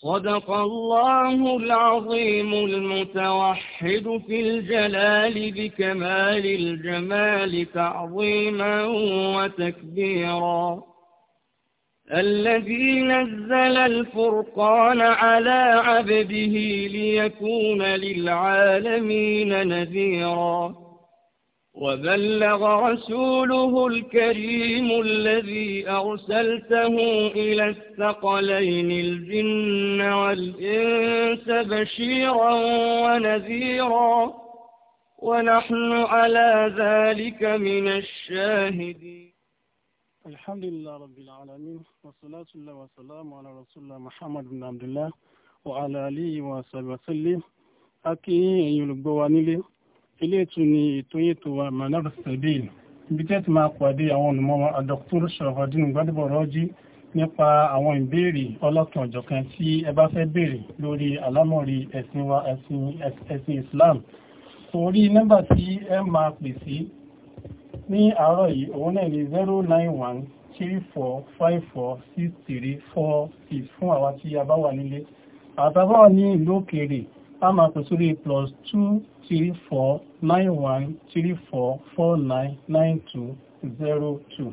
صدق الله العظيم المتوحد في الجلال بكمال الجمال تعظيما وتكبيرا الذي نزل الفرقان على عبده ليكون للعالمين نذيراً وبلغ رسوله الكريم الذي أرسلته إلى الثقلين الجن والإنس بشيرا ونذيرا ونحن على ذلك من الشاهدين الحمد لله رب العالمين والصلاة والسلام, والسلام على رسول الله محمد بن عبد الله وعلى آله وصحبه وسلم أكي يلقوا نيلي eléètò ni ètò ètò wa manar sabil ibi tẹ́ ti máa pàdé àwọn olùmọ̀ adọ́kítọ́rù ṣọ̀rọ̀dín gbádùbọ̀ rọ́jí nípa àwọn ìbéèrè ọlọ́kan ọ̀jọ̀kan tí ẹ bá fẹ́ béèrè lórí àlámọ̀rí ẹ̀sìn wa ẹ̀sìn Islam orí nọ́mbà tí ẹ máa pè sí ní àárọ̀ yìí òun náà ni four six three four six. fún àwa tí a bá wà nílé àtàbáwà ní ìlú òkèèrè a máa pè sórí plus two three four nine one three four four nine nine two zero two.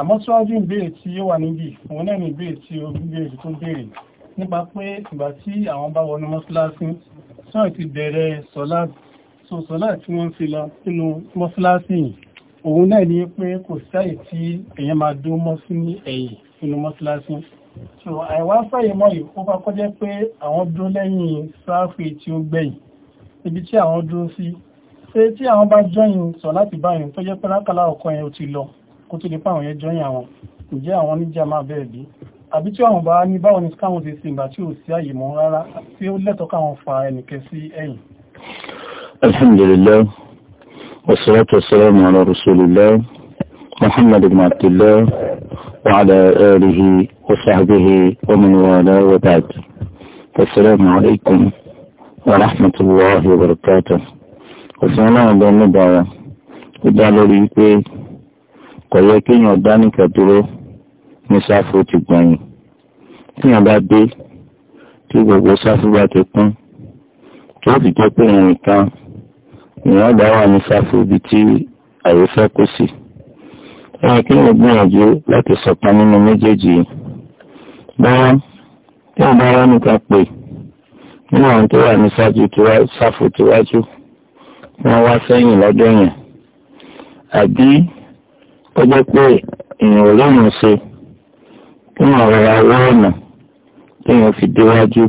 àmọ́ síwájú ìbéèrè tí yóò wà níbí òun náà ní ìbéèrè tí ó béèrè tó béèrè nípa pé ìgbà tí àwọn bá wọnú mọ́síláṣí sọ́ọ̀ ti bẹ̀rẹ̀ sọ́lá so sọ́lá tí wọ́n fi lọ nínú mọ́síláṣí yìí òun náà ní pé kò sáì tí èèyàn máa dó mọ́ sí ní ẹ̀yìn nínú mọ́síláṣí so àìwá fàyè mọ́ yìí ó bá kọjá pé àwọn dó lẹ́yìn sáfì tí ó gbẹ̀yìn ibi tí àwọn dúró sí pé tí àwọn bá jọyìn sọ láti báyìí tó jẹ́ pé lákàlá ọkọ yẹn ò ti lọ kó tó lè àwọn yẹn jọyìn àwọn ǹjẹ́ àwọn níjà máa bẹ́ẹ̀ bí àbí tí àwọn bá ní báwọn ní ti sin tí ò sí àyè mọ́ rárá tí ó lẹ́tọ̀ọ́ káwọn fa ẹnìkẹ́ sí ẹ̀yìn. alhamdulilayi wasalaatu wasalaamu ala rasulilayi muhammad ibn abdullahi wa ala alihi wa sahbihi wa man wala wa ba'd. asalaamu alaykum wa rahmatullahi wa barakatuh òfin náà lọ nígbà wọn ó dá lórí wípé kò yẹ kéèyàn dá nìkan dúró ní sáfù ti gbẹ̀yìn kéèyàn bá dé tí gbogbo sáfù bá ti kún tó fi jẹ́ pé òun nìkan ìyẹn bá wà ní sáfù ibi tí àyè fẹ́ kó sí ẹ̀yìn kéèyàn gbìyànjú láti sọ̀kan nínú méjèèjì yìí báwọn tí wọ́n bá wá nìkan pè é nínú àwọn tó wà ní ṣáájú sáfù tíwájú wọ́n wá sẹ́yìn lọ́dọ̀ yẹn àbí ó jẹ́ pé èèyàn ò lóyún ṣe kí wọ́n rọra wọ́ ọ̀nà kí wọ́n fi déwájú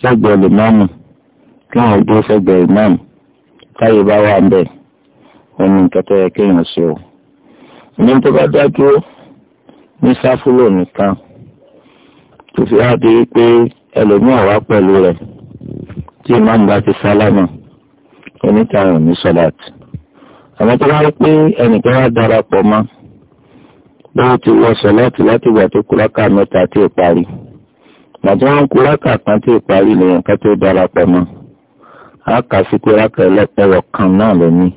sẹ́gbẹ̀ẹ́ lèmọ́ọ̀mù kí wọ́n dé sẹ́gbẹ̀ẹ́ ìmáàmù táyé bá wà bẹ́ẹ̀ wọ́n ní nǹkan tó yẹ ṣe o. ìní tó bá dá ní sáfù lónìí kan tó fi hàn dé pé ẹlòmíà wá pẹ̀lú rẹ̀ tí imam bá ti sálámà onítàwọn ní sọláàtì àwọn tó wáyé pé ẹnìkan wá darapọ̀ mọ́ lórí ti wọ sọláàtì láti ìgbà tó kúrákà mẹ́ta tí ì parí màtí wọ́n kúrákà kan tí ì parí lèèyàn kan tó darapọ̀ mọ́ á kà sí kúrákà ẹlẹ́pẹ̀rọ̀ kan náà lónìí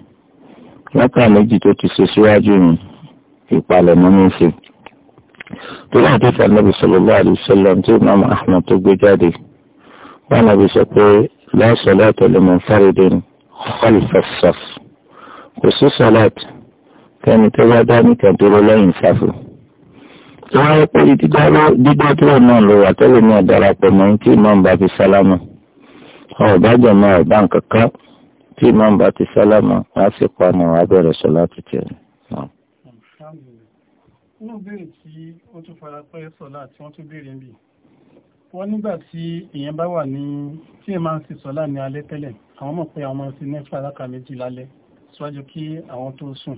rákà méjì tó ti ṣe síwájú yìí ìpalẹ̀mọ́ ní í ṣe torí àwọn àdéhùn anábì sallallahu alaihi wasallam tí imam ahmed tó gbé jáde wọn anábì sọ pé la salata limunfaridin khalfa as-saf kò sí sọláàtì kẹ́ni tó bá dá nìkan dúró lẹ́yìn sáfù tí wọ́n yẹ pé dídá dúró náà ló wà tẹ́lẹ̀ ní ọ̀darapọ̀ mọ́ tí imam bá fi sálámà ọ̀bájọ́ máa ọ̀bá tí imam bá ti wá sí pa ọmọ wa bẹ̀rẹ̀ sọ inú béèrè tí ó tún fara pẹ́ sọ́lá tí wọ́n tún béèrè ń bì wọ́n nígbà tí èèyàn bá wà ní tí èèyàn máa ń ṣe sọ́lá ní alẹ́ tẹ́lẹ̀ àwọn mọ̀ pé àwọn máa ń ṣe nẹ́fà aláka méjì lálẹ́ síwájú kí àwọn tó sùn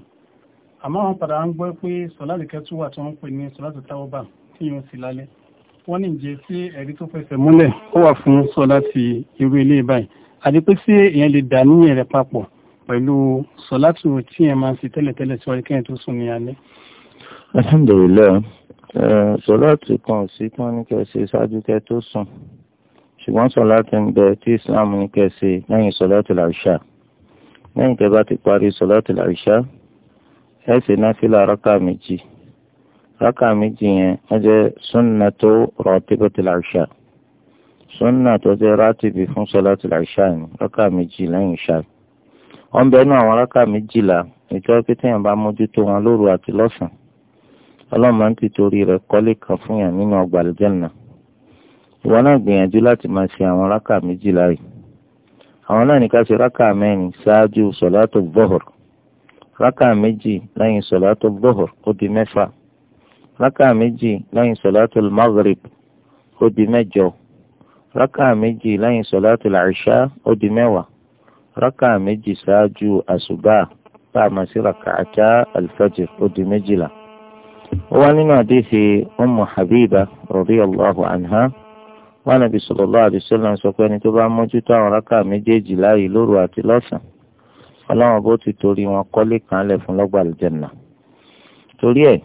àmọ́ àwọn padà ń gbọ́ pé sọ́lá lìkẹ́ tún wà tí wọ́n ń pè ní sọ́lá tó táwọ́ bà tí yóò sì lálẹ́ wọ́n ní jẹ́ sí ẹ̀rí tó fẹsẹ̀ múlẹ̀ ó wà fún sọ́lá ti irú ilé báyìí àti pé sí èèyàn lè dà níyẹn rẹ̀ papọ̀ pẹ̀lú sọ́lá tó tí èèyàn máa ń ṣe tẹ́lẹ̀tẹ́lẹ̀ síwájú kí tó sùn ní alẹ́ alhamdulilayi eh, sọláàtì kan sí pọ́n ní kẹsì ṣáájú kẹ tó sùn ṣùgbọ́n sọláàtì ń bẹ tí islam ní kẹsì lẹ́yìn sọláàtì làṣà lẹ́yìn tẹ́ bá ti parí sọláàtì làṣà ẹ sì náfìlà rákà méjì rákà méjì yẹn wọ́n jẹ́ súnà tó rọ̀tíbọ̀tì làṣà súnà tó jẹ́ rátìbì fún sọláàtì làṣà ni rákà méjì lẹ́yìn ṣáà wọ́n bẹ́ẹ̀ náà àwọn rákà méjìlá ìjọ́ pé téèyàn bá mójútó wọn lóru àti lọ́sàn-án ọlọ́run máa ń ti torí rẹ̀ kọ́lé kan fún yàn nínú ọgbà àlùjànnà ìwọ náà gbìyànjú láti máa ṣe àwọn rákà méjìlá yìí àwọn náà ní ká ṣe rákà mẹ́rin ṣáájú sọ̀látò bọ́hùr rákà méjì lẹ́yìn sọ̀látò bọ́hùr ó di mẹ́fà rákà méjì lẹ́yìn sọ̀látò maghrib ó di mẹ́jọ rákà méjì lẹ́yìn sọ̀látò làṣà ó di mẹ́wàá rákà méjì ṣáájú àṣùbà tá a máa ṣe rákà àtà alfajr ó di méjìlá wọ́n nínú àdéhìí ọmọ Habiba radiyallahu anha wọn nàbí sallallahu alaihi wasallam sọ pé ẹni tó bá mójútó àwọn rákà méjèèjì láàyè lóru àti lọ́sàn-án ọlọ́run bó ti torí wọn kọ́lé kan lẹ̀ fún lọ́gbà torí ẹ̀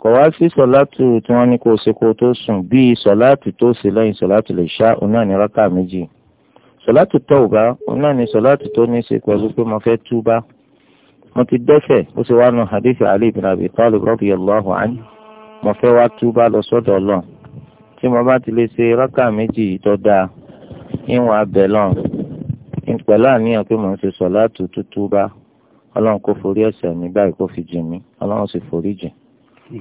kọ̀ wá sí sọ̀láàtù tí wọ́n ní kó ṣe kó tó sùn bíi sọ̀láàtù tó ṣe lẹ́yìn sọ̀láàtù lè ṣá òun náà ní rákà méjì sọ̀láàtù tọ̀ọ̀bá òun náà ní sọ̀láàtù tó ní ṣe pẹ̀lú pé mo fẹ́ túbá mo ti dẹ́ṣẹ̀ ó sì wá nu hadith ali ibn abi talib radiyallahu anhu mo fẹ́ wá túbá lọ sọ́dọ̀ ọlọ́run tí mo bá ti lè ṣe rákà méjì tó dáa ìwọ̀n abẹ lọ́n pẹ̀lú àníyàn pé mò ń ṣe sọ̀láàtù tútúbá ọlọ́run kò forí ẹ̀ṣẹ̀ mi báyìí kò fi jìn mí ọlọ́run sì forí jìn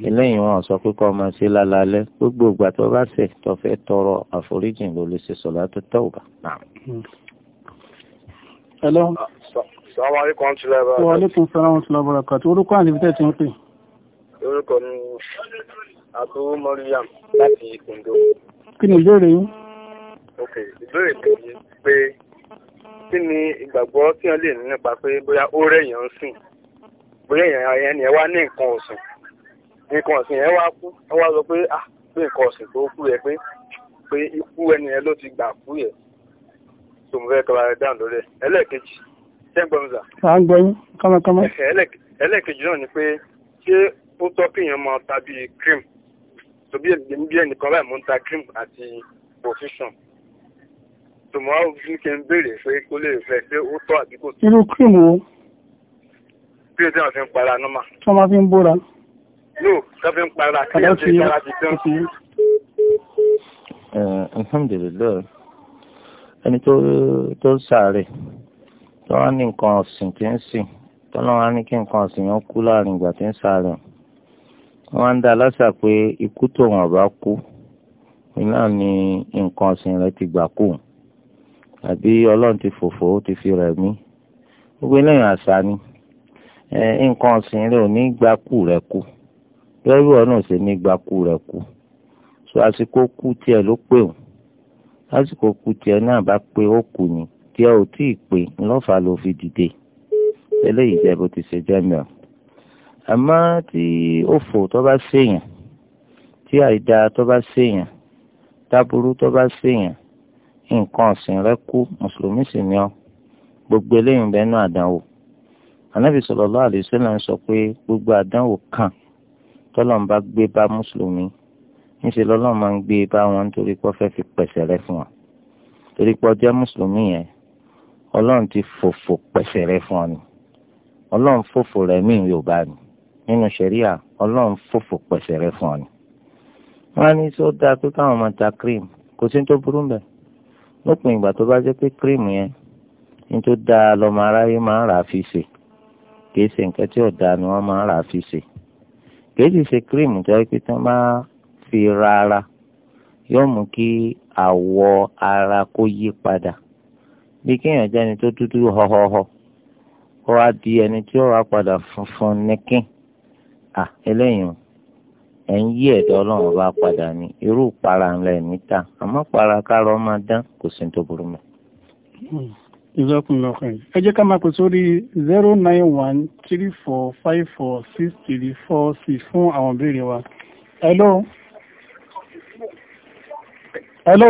eléyìí wọn sọ pé kọ́ ọmọ ṣe lálálẹ́ gbogbo ìgbà tó bá ṣẹ̀ tó fẹ́ tọrọ àforíjìn ló lè ṣe sọ̀láàtù tọ̀wà. Assalamu alaikum tí lẹ́bàá. Wa alaikum salaam tí lẹ́bàá kàtí. Orúkọ àníbítẹ̀ tí ń pè. Orúkọ ni Abu Mariam láti Ondo. Kí ni ìbéèrè yín? Ok, ìbéèrè tó yí pé kí ni ìgbàgbọ́ tí wọ́n lè ní nípa pé bóyá ó rẹ̀yàn ń sìn, bóyá èèyàn yẹn ni ẹ wá ní nǹkan ọ̀sìn. Nǹkan ọ̀sìn yẹn wá kú, ẹ wá sọ pé ah pé nǹkan ọ̀sìn tó ṣẹ́gbọ̀nza. à ń gbọ́yìn kámákámá. ẹlẹ́ẹ̀kejì náà ni pé ṣé ó tọ́ kéèyàn máa ta bíi cream tó bí ẹnìkan báyìí mo ń ta cream àti profusion tòmọ́ ní kí n béèrè pé kó lè fẹ́ pé ó tọ́ àbí kò tọ́. irú cream wo. cream tí wọ́n fi ń para nọ́mà. tí wọ́n máa fi ń bóra. no tí wọ́n fi ń para kí wọ́n fi ń para ti tán. Eh, alhamdulilayi ẹni tó tó sáré tọ́wọ́ ní nǹkan ọ̀sìn tí ń sìn tọ́lọ́wọ́ á ní kí nǹkan ọ̀sìn yẹn kú láàrin ìgbà tí ń sàárẹ̀ wọ́n ń dá lọ́sà pé ikú tó wọn bá kú iná ni nǹkan ọ̀sìn rẹ̀ ti gbà kú àbí ọlọ́run ti fòfò ó ti fi rẹ̀ mí gbogbo eléyìí àṣà ni nǹkan ọ̀sìn rẹ̀ ò ní gbà kú rẹ̀ kú lórí wọn náà ṣe ní gbà kú rẹ̀ kú so àsìkò kú tiẹ̀ ló pé o lásìkò kú tiẹ̀ náà bá pé ó kù ni tí ẹ ò tí ì pé ńlọ́fà ló fi dìde eléyìí jẹ́ bó ti ṣe jẹ́ mìíràn àmọ́ tí òfò tó bá ṣèyàn tí àìda tó bá ṣèyàn táburú tó bá ṣèyàn nǹkan ọ̀sìn rẹ kú mùsùlùmí sì ni ọ gbogbo eléyìí ń bẹnu àdánwò anábì sallallahu alaihi wasallam sọ pé gbogbo àdánwò kan tọ́lọ́n bá gbé bá mùsùlùmí níṣẹ́ lọ́lọ́run máa ń gbé bá wọn nítorí pé ó fẹ́ fi pẹ̀sẹ̀ rẹ fún wọn torí pé ó mùsùlùmí yẹn ọlọ́run ti fòfò pẹ̀sẹ̀ rẹ fún ọ ni ọlọ́run fòfò rẹ mí yorùbá ni nínú sẹ̀ríà ọlọ́run fòfò pẹ̀sẹ̀ rẹ fún ọ ni. wọ́n á ní tí dáa pé káwọn máa ta cream kò sí tó burú mbẹ̀ lópin ìgbà tó bá jẹ́ pé cream yẹn ní tó dáa lọ́mọ aráyé máa ń rà á fi ṣe kì í ṣe nǹkan tí ò dáa ni wọ́n máa rà á fi ṣe kì í sì ṣe cream tó yẹ pé tí wọ́n bá fi ra yóò mú kí àwọ̀ ara kó yí padà bí kéèyàn jẹ́ ẹni tó dúdú họ́họ́họ́ ó wá di ẹni tí ó wá padà funfun nìkín à eléyìí ẹ̀ ń yí ẹ̀dọ́ ọlọ́run bá padà ní irú ìpara ńlẹ̀ níta àmọ́ ìpara kárọ̀ máa dán kò sí tó burú mọ́. ìzọkùnlọ́kọ̀ yìí ẹ jẹ́ ká máa pè sórí zero nine one three four five four six three four six fún àwọn ìbéèrè wa. hello. hello.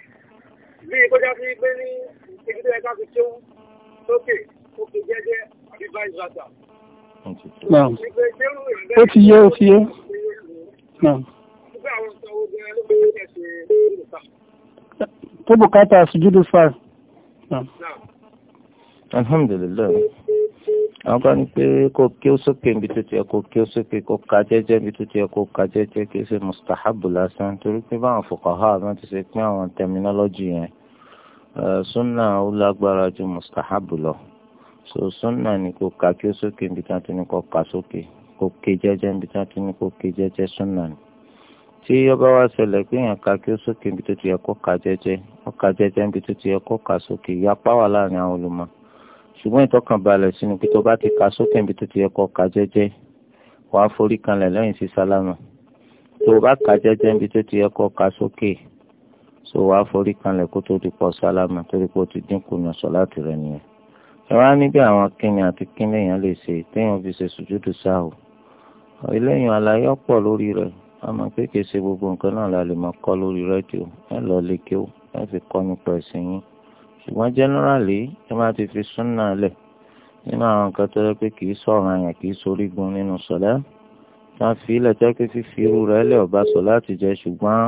bí kọjá sí pé ní ibi tó yẹ ká fi tó sókè ó fi jẹ́jẹ́ àbí vice versa. ó ti yé ó ti yé. tó bùkátà sùjúdù fà. alhamdulilayi àwọn bá ní pé kó kí ó sókè níbi tó ti yẹ kó kí ó sókè kó ka jẹ́jẹ́ níbi tó ti kó ka jẹ́jẹ́ kí ó ṣe mustahabu lásán torí pé báwọn fuqaha àwọn ti ṣe pín àwọn tẹminọ́lọ́jì yẹn sunna ó lágbára ju mustahabu lọ so sunna ni kò ka kí ó sókè níbi tí ti ní ka sókè kó ké jẹ́jẹ́ níbi tí ti ní kó ké jẹ́jẹ́ sunna ni tí ọba wa ṣẹlẹ̀ pé èèyàn ka kí ó sókè níbi tó ti yẹ ka jẹ́jẹ́ ó ka jẹ́jẹ́ níbi tó ti yẹ kó ka sókè ya wà láàrin àwọn olùmọ̀ ṣùgbọ́n ìtọ́kànbalẹ̀ sínú pé tó ti ka sókè níbi tó ti yẹ ka so wàá forí kanlẹ̀ kó tó ti pọ̀ sálámà torí pé ó ti dínkù ní sọ̀láàtì rẹ̀ nìyẹn ẹ wá níbi àwọn kíni àti kíni èèyàn lè ṣe téèyàn fi ṣe sùjúdù sáà o eléyìí àlàyé ọ̀pọ̀ lórí rẹ̀ àmọ́ pé kìí ṣe gbogbo nǹkan náà la lè máa kọ́ lórí rédíò ẹ lọ lè ké o ẹ fi kọ́ nípa ẹ̀sìn yín ṣùgbọ́n jẹ́nẹ́rálì ẹ má ti fi súnà lẹ̀ nínú àwọn nǹkan tó yẹ pé kìí sọ̀rọ̀ àyàn kìí sorígun nínú sọ̀lá tá fi ilẹ̀ tẹ́kẹ́ fífi irú rẹ̀ lẹ̀ ọ̀bá sọ̀lá ti ṣùgbọ́n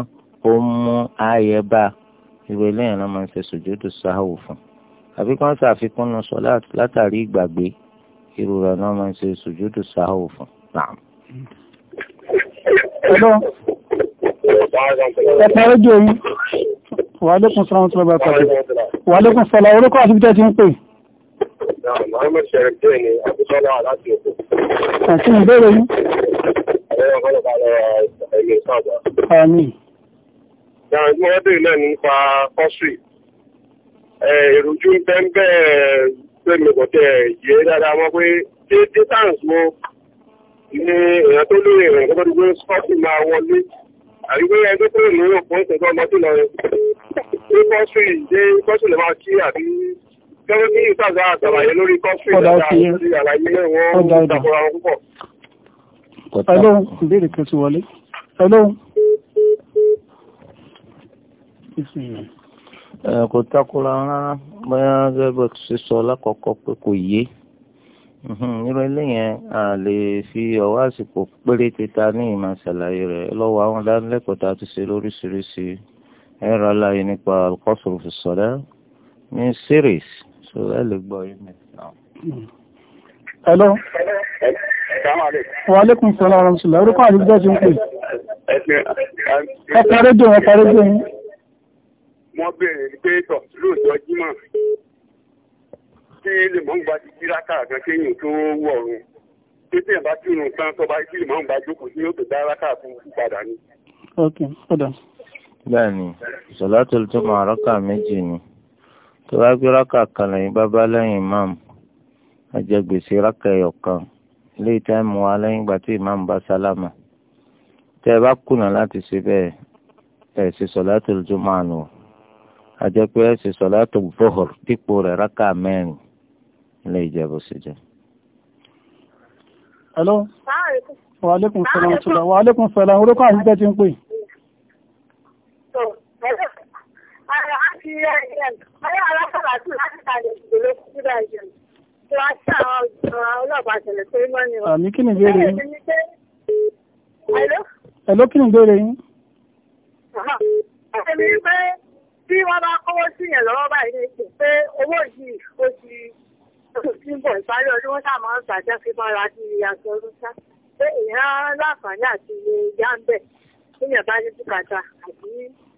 ó mú ààyè bá ìwé lẹ́yìn náà máa ń ṣe sùjúdù sáhù fún àbí kí wọ́n ṣàfikún nu sọ látàrí ìgbàgbé irú rẹ̀ náà máa ń ṣe sùjúdù sáhù fún. Hello. Ẹ̀ka rédíò yìí. Wàlékún sọ́run tí wọ́n bá pàdé. Wàlékún sọ́lá orúkọ àti bíjẹ́ ti ń pè. Mohammed Sherif Dé ni Abúsọ́lá láti Èkó. Àti ìbéèrè yìí. Ẹ̀rọ ọ̀gọ́dọ̀ bá lọ ẹ̀mí sáàbà. Àmín ní ọdún náà nípa kọ́sì èròjú ń bẹ́ ń bẹ́ pé yé dáadáa mọ́ pé dé distance wo ni èèyàn tó lóye rẹ̀ kó tó kọ́sì máa wọlé àríwé ẹgbẹ́ tó lè lóyún fún ìṣẹ́jọ́ ọmọ lọ rẹ̀ pé kọ́sì dé kọ́sì lè máa kí àbí gẹ́gẹ́ bí ìtajà àtàlàyé lórí kọ́sì lórí àlàyé wọn ìtàkùrọ̀ àwọn púpọ̀. Hello, ìbéèrè kan ti wọlé. Hello kò takora rárá bóyá gẹ́gẹ́ tí ṣe sọ lákọ̀ọ́kọ́ pé kò yé nírú eléyẹn a lè fi ọwọ́ àsìkò péréte ta ní ìmọ̀ ṣàlàyé rẹ̀ lọ́wọ́ àwọn dánilẹ́kọ̀ọ́ tá ti ṣe lóríṣiríṣi ẹ̀rọ aláyé nípa alkọ́sùn fi sọ̀rọ̀ ní series so ẹ lè gbọ́ yín mi. hello. wa aleykum salaam wa rahmatulah orúkọ àdúgbò ti ń pè. ẹ pa rédíò ẹ rédíò yín wọ́n bẹ̀rẹ̀ pé tọ̀ lóòótọ́ jímọ̀ kí lè mọ̀ ń gba títí rákà kan kéèyàn tó wọ̀ ọ̀run pété ẹ̀ bá kírun tán tó bá kí lè mọ̀ ń gba jókòó sí yóò tó dá rákà fún padà ni. ok padà. bẹ́ẹ̀ni ìṣọlátò tó máa rákà méjì ni tó bá gbé rákà kan lẹ́yìn bá bá lẹ́yìn ìmáàmù ajẹ gbèsè rákà ẹyọ kan ilé ìtẹ́mu wa lẹ́yìn ìgbà tí ìmáàmù bá sálámà tẹ́ ẹ bá kùnà láti ṣe bẹ́ẹ̀ ẹ̀ ṣe sọ̀látò tó máa nù ajẹ́ pé ẹ ṣe sọ̀látù zuhur dípò rẹ̀ rákà mẹ́rin ilé ìjẹ́bù sí jẹ́. hello wa aleykum salaam tula wa aleykum salaam orúkọ àti jẹ́ ti ń pè. Àmì kí ni ìbéèrè yín? Hello kí ni ìbéèrè yín? Ẹ̀mí pé tí wọ́n bá kọ́wọ́ sí yẹn lọ́wọ́ báyìí ní ipò pé owó yìí ó ti ti ń bọ̀ ìparí ọdún wọn ṣáà máa ń ṣàjẹ́ fi máa ra sí ọdún ṣá pé èèyàn láǹfààní àti ilé ìyá ń bẹ̀ níyàn bá ní bùkátà àti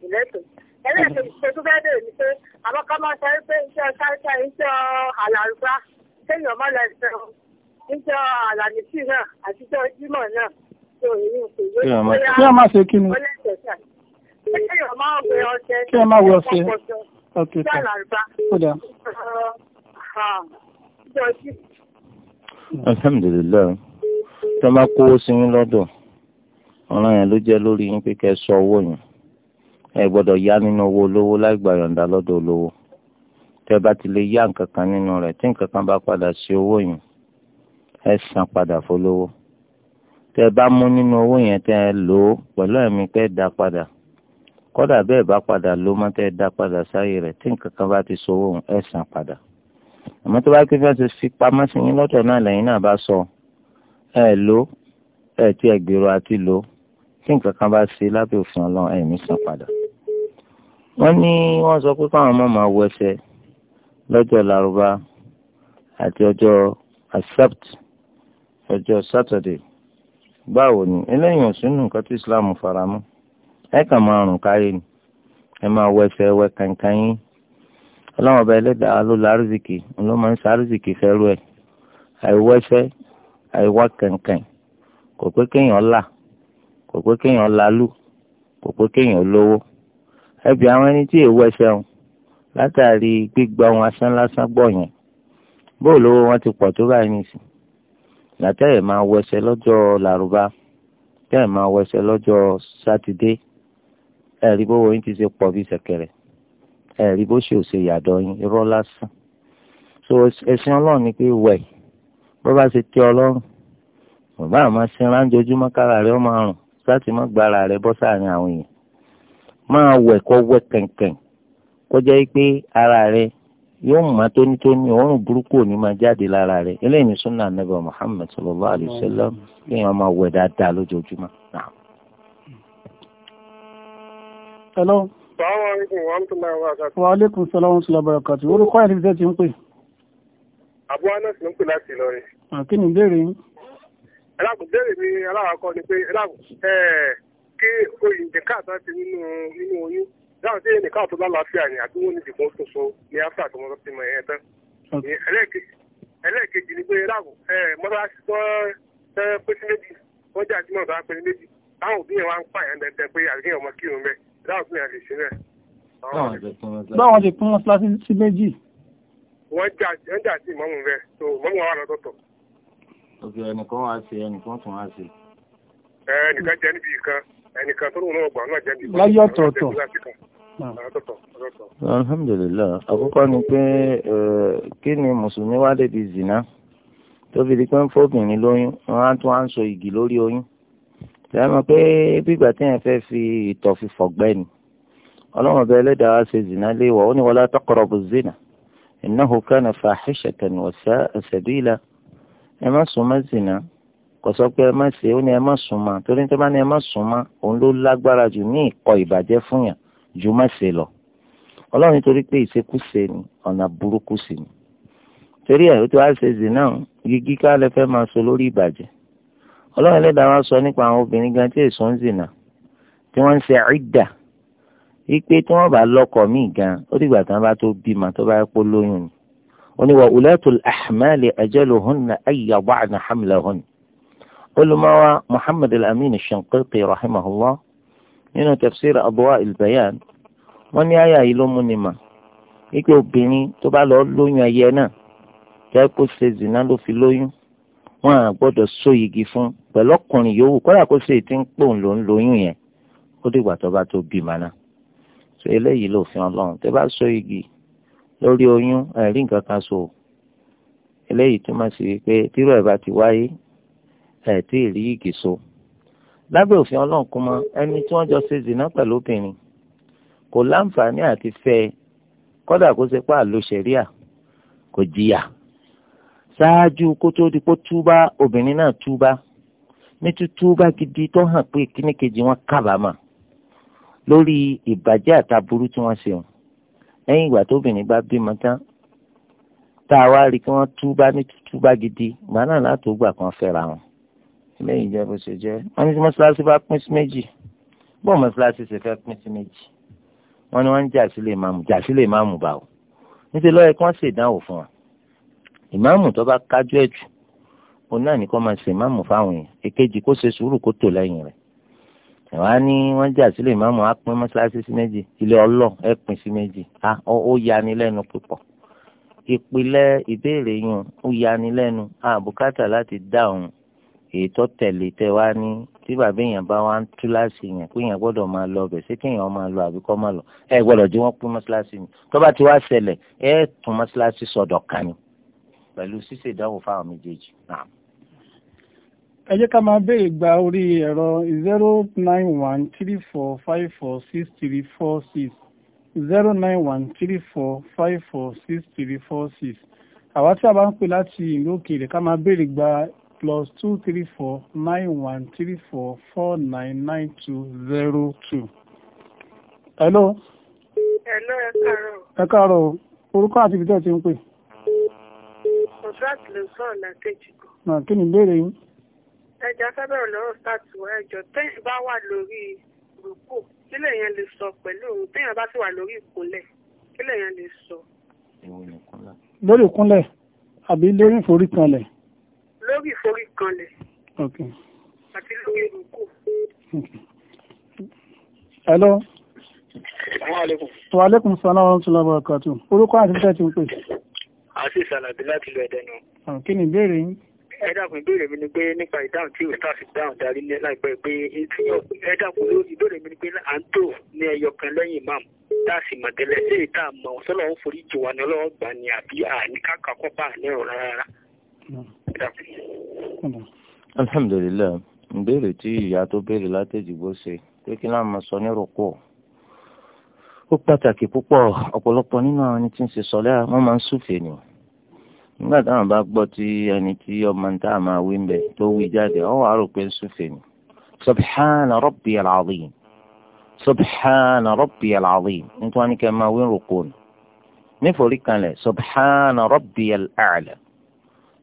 ìlẹ́tọ̀. ẹlẹ́ẹ̀kejì tó tún fẹ́ bèrè pé àwọn kan máa sọ pé iṣẹ́ ṣáṣá iṣẹ́ àlàrúbá kéèyàn má lọ ṣe iṣẹ́ àlàmísì náà àti iṣẹ́ náà tó èyí ń pè Kí ẹ máa wọ ọṣẹ. Ọ̀kẹ́ tán. Ó dà. Alhamdulillah. Tí wọ́n bá kówó sí yín lọ́dọ̀, ọ̀ràn yẹn ló jẹ́ lórí yín pé kẹ́ ẹ sọ owó yẹn. Ẹ gbọ́dọ̀ yá nínú owó olówó láì gba yọ̀ǹda lọ́dọ̀ olówó. Tẹ́ bá ti lè yá nǹkan kan nínú rẹ̀ tí nǹkan kan bá padà sí owó yẹn, ẹ san padà fólówó. Tẹ́ bá mú nínú owó yẹn tẹ́ ẹ lò ó pẹ̀lú ẹ̀mí pẹ́ dá padà. kódà bẹ́ẹ̀ bá padà ló má tẹ́ dá padà sáyé rẹ̀ tí nkankan bá ti sowó òun ẹ̀ san padà àmọ́ tó bá pé fẹ́ ti fi pamọ́ sí yín lọ́tọ̀ náà lẹ́yìn náà bá sọ ẹ̀ ló ẹ̀ tí ẹ̀ gbèrò àti lò tí nkankan bá ṣe lábẹ́ òfin ọlọ́run ẹ̀ ní san padà. wọ́n ní wọ́n sọ pé káwọn ọmọ máa wọ ẹsẹ̀ lọ́jọ́ Lárúbá àti ọjọ́ accept ọjọ́ Saturday báwo ni eléyìí ò sínú nǹkan tí Islam faramọ́. ẹ kàn máa rùn káyé ni ẹ máa wọ ẹsẹ̀ wẹ kankan yín ọlọ́run ọba ẹlẹ́dàá ló la rìzìkì ló máa ń sa rìzìkì fẹ́rù ẹ̀ àìwọ ẹsẹ̀ àìwọ kankan kò pé kéèyàn là kò pé kéèyàn lálù kò pé kéèyàn lówó ẹbí àwọn ẹni tí èèwọ ẹsẹ̀ wọn látàrí gbígbà wọn asán lásán gbọ̀ yẹn bóò lówó wọn ti pọ̀ tó báyìí nìsín látàrí máa wọ ẹsẹ̀ lọ́jọ́ làrúbá tẹ́ẹ̀ máa wọ ẹsẹ̀ lọ́jọ́ sátidé ẹ̀rí bówó yín ti ṣe pọ̀ bí ṣẹ̀kẹ̀rẹ̀ ẹ̀rí bó ṣe ò ṣe yàdọ̀ yín irọ́ lásán so ẹ̀sìn ọlọ́run ni pé wẹ̀ bó bá ṣe tẹ́ ọlọ́run bàbá àmọ́ sin ránjojúmọ́ kára rẹ̀ ọmọ àrùn láti má gbára rẹ̀ bọ́ sáàrin àwọn èèyàn máa wẹ̀ kọ́ wẹ̀ kẹ̀kẹ̀ kó jẹ́ pé ara rẹ̀ yóò mọ tónítóní òórùn burúkú òní máa jáde lára rẹ̀ eléyìí ni sunna anabi muhammed sallallahu alayhi wa sallam kéèyàn máa wẹ̀ dáadáa lójoojúmọ́ Hello. Wa alaikum salaam wa barakatuh. Orúkọ ẹ̀rí fẹ́ ti ń pè. Àbú Anas ló ń pè láti Ìlọrin. Kí ni ìbéèrè yín? Ẹlàkùn béèrè mi aláwọ̀kọ́ ni pé ẹlàkùn kí oyìnbí káàtà ti nínú nínú oyún. Dáhùn sí ẹnì káàtó lálàáfíà ni àti wọ́n ní ìdìbò soso ní áfíà tó wọ́n ti mọ ẹ̀yẹ tán. Ẹlẹ́ẹ̀kejì ni pé ẹlàkùn mọ́tàlásí tó pèsè méjì, wọ́n jẹ́ àjùmọ̀ bá pèsè méjì. Táwọn òbí yẹn wá ń pààyàn dẹ́dẹ́ pé àríkè ọmọ kírun bẹ́ẹ̀ láàpin àlè sílẹ̀. báwọn ṣe pín mọ́ṣáláṣí sí méjì. wọ́n jà wọ́n jà sí ìmọ̀mù rẹ̀ tó mọ́mù wa lọ́tọ̀ọ̀tọ̀. òkè ẹnìkan wá sí ẹnìkan tún wá sí. ẹnìkan jẹ níbi kan ẹnìkan tó lóun náà gbà náà jẹ níbi kan. láyé ọ̀tọ̀ọ̀tọ̀ ah. alhamdulillah àkọ́kọ́ ni pé kí ni mùsùlùmí wá débi zina tó fi di pé ń fọ́bìnrin lóyún wọn á tún á ń sọ igi lórí oyún ṣe é mọ̀ pé bígbà téèyàn fẹ́ fi ìtọ̀ fi fọ̀gbẹ́ ni ọlọ́run ọba ẹlẹ́dàá wa ṣe zina léèwọ̀ ó ní wala taqrabu zina innahu kana fahishatan wa sa'a sabila ẹ má sún mọ́ zina kò sọ pé ẹ má ṣe ó ní ẹ má sún mọ́ torí tó bá ní ẹ má sún mọ́ òun ló lágbára jù ní ìkọ̀ ìbàjẹ́ fún yàn ju má ṣe lọ ọlọ́run nítorí pé ìṣekúṣe ni ọ̀nà burúkú sí ni torí ẹ̀ ó ti wá ṣe zina yigi ká lẹ máa sọ lórí ìbàjẹ́ ọlọ́run ẹlẹ́dàá wa sọ nípa àwọn obìnrin gan tí èso ń zìnà tí wọ́n ń ṣe ìdà wípé tí wọ́n bá lọ́kọ míì gan ó dìgbà tí wọ́n bá tó bímọ tó bá pọ̀ lóyún ni wọ́n ní wa ulatul ahmali ajaluhunna ay yada'na hamlahunna olùmọ́wá muhammad al-amin shanqiti rahimahullah nínú tafsir adwa'il bayan wọ́n ní àyà yìí ló mú ni mà wípé obìnrin tó bá lọ lóyún ẹyẹ náà jẹ́ kó ṣe zìnà ló fi lóyún wọn à gbọ́dọ̀ so igi fún pẹ̀lú ọkùnrin yòówù kọ́dà kó sì ti ń pò ń lò ń lóyún yẹn ó dìgbà tó bá tó bímọ náà so eléyìí lòfin ọlọ́run tẹ́ bá so igi lórí oyún ẹ̀rí nǹkan kan so eléyìí túmọ̀ sí wípé tírú ẹ̀ bá ti wáyé ẹ̀ tí ì rí igi so lábẹ́ òfin ọlọ́run kú mọ́ ẹni tí wọ́n jọ ṣe zìnà pẹ̀lú obìnrin kò láǹfààní àti fẹ́ kọ́dà kó ṣe pé àlò ṣẹ̀ríà kò jìyà ṣáájú kó tó di pé túbá obìnrin náà túbá ní túbá gidi tó hàn pé kíní kejì wọn kábàámà lórí ìbàjẹ́ àtàbúrú tí wọ́n ṣe wọn lẹ́yìn ìgbà tóbìnrin bá bímọ tán tá a wá rí kí wọ́n túbá ní túbá gidi ìgbà náà látò gbà kan fẹ́ra wọn lẹ́yìn ìjẹ́ bó ṣe jẹ́ wọ́n ní tí mọ́ṣáláṣí bá pín sí méjì bóun mọ́ṣáláṣí ṣe fẹ́ pín sí méjì wọ́n ní wọ́n ń jà sílé ìmáàmù jà sílé ìmáàmù báwo wọn ìmáàmù tó bá kájú ẹ̀ jù òun náà ní kó máa ṣe ìmáàmù fáwọn yẹn èkejì kó ṣe sùúrù kó tò lẹ́yìn rẹ̀ ẹ̀wá ní wọ́n jà sílé ìmáàmù á pín mọ́ṣáláṣí sí méjì ilé ọlọ́ ẹ̀ pín sí méjì ó yani lẹ́nu púpọ̀ ìpìlẹ̀ ìbéèrè yẹn ó yani lẹ́nu àbùkátà láti dáhùn èyí tó tẹ̀lé tẹ wá ní tí bàbá èèyàn bá wá ń tú láàsì yẹn pé èèyàn gbọ́dọ̀ máa lọ ọbẹ̀ sí kéèyàn máa lọ àbí kọ́ máa lọ ẹ gbọ́dọ̀ jẹ́ wọ́n pín mọ́ṣáláṣí ni tó bá ti wá ṣẹlẹ̀ ẹ tún mọ́ṣáláṣí sọ̀dọ̀ kan ni pẹ̀lú ṣíṣe ìdánwò fáwọn méjèèjì náà. ẹ jẹ́ ká máa béèrè gba orí ẹ̀rọ zero nine one three four five four six three four six zero nine one three four five four six three four six àwa tí a bá ń pè láti ìlú òkèèrè ká máa béèrè gba plus two three four nine one three four four nine nine two zero two. hello. hello ẹ káàárọ̀. ẹ káàárọ̀ orúkọ àti ibi tí ẹ ti ń pè. Nusrat Luzon Lakeji. Kí ni ìbéèrè yín? Ẹja sábẹ̀rẹ̀ lọ́rọ̀ sátú ẹjọ́ téèyàn bá wà lórí rúkù kí lèèyàn lè sọ pẹ̀lú òun téèyàn bá sì wà lórí ìkúnlẹ̀ kí lèèyàn lè sọ. Lórí ìkúnlẹ̀ àbí lórí ìforíkanlẹ̀? Lórí ìforíkanlẹ̀. Àti lórí rúkù. Hello. Wa alaikum salaam wa rahmatullahi wa barakatuh. Orúkọ àti tẹ́tí ń pè àti ìsàlàbí láti lọ ẹ̀dẹ̀ náà. kí ni ìbéèrè yín. ẹ dákun ìbéèrè mi ni pé nípa ìdáhùn tí ustaz dáhùn darí láìpẹ́ pé ẹ dákun ìbéèrè mi ni pé à ń tò ní ẹyọ kan lẹ́yìn imam tá a sì mọ̀ tẹ́lẹ̀ sí ìta àmọ́ sọ́lọ́ ń forí jù wá ní ọlọ́wọ́ gbà ní àbí àníkàkà kọ́pà ní ọ̀rọ̀ rárá. alhamdulilayi ìbéèrè tí ìyá tó béèrè látẹ̀jìgbó ṣe pé kí láwọn ó pàtàkì púpọ̀ ọ̀pọ̀lọpọ̀ nínú àwọn ẹni tí ń ṣe sọ̀lẹ́ àwọn máa ń súfèé ni nígbà táwọn bá gbọ́ tí ẹni tí ọmọ tá a máa wí ń bẹ̀ tó wí jáde ọ wàá rò pé ń súfè ni subhana rabbiyal azim subhana rabbiyal azim nítorí wọn ni kẹ́ máa wí ń rògbò ni níforí kanlẹ̀ subhana rabbiyal a'la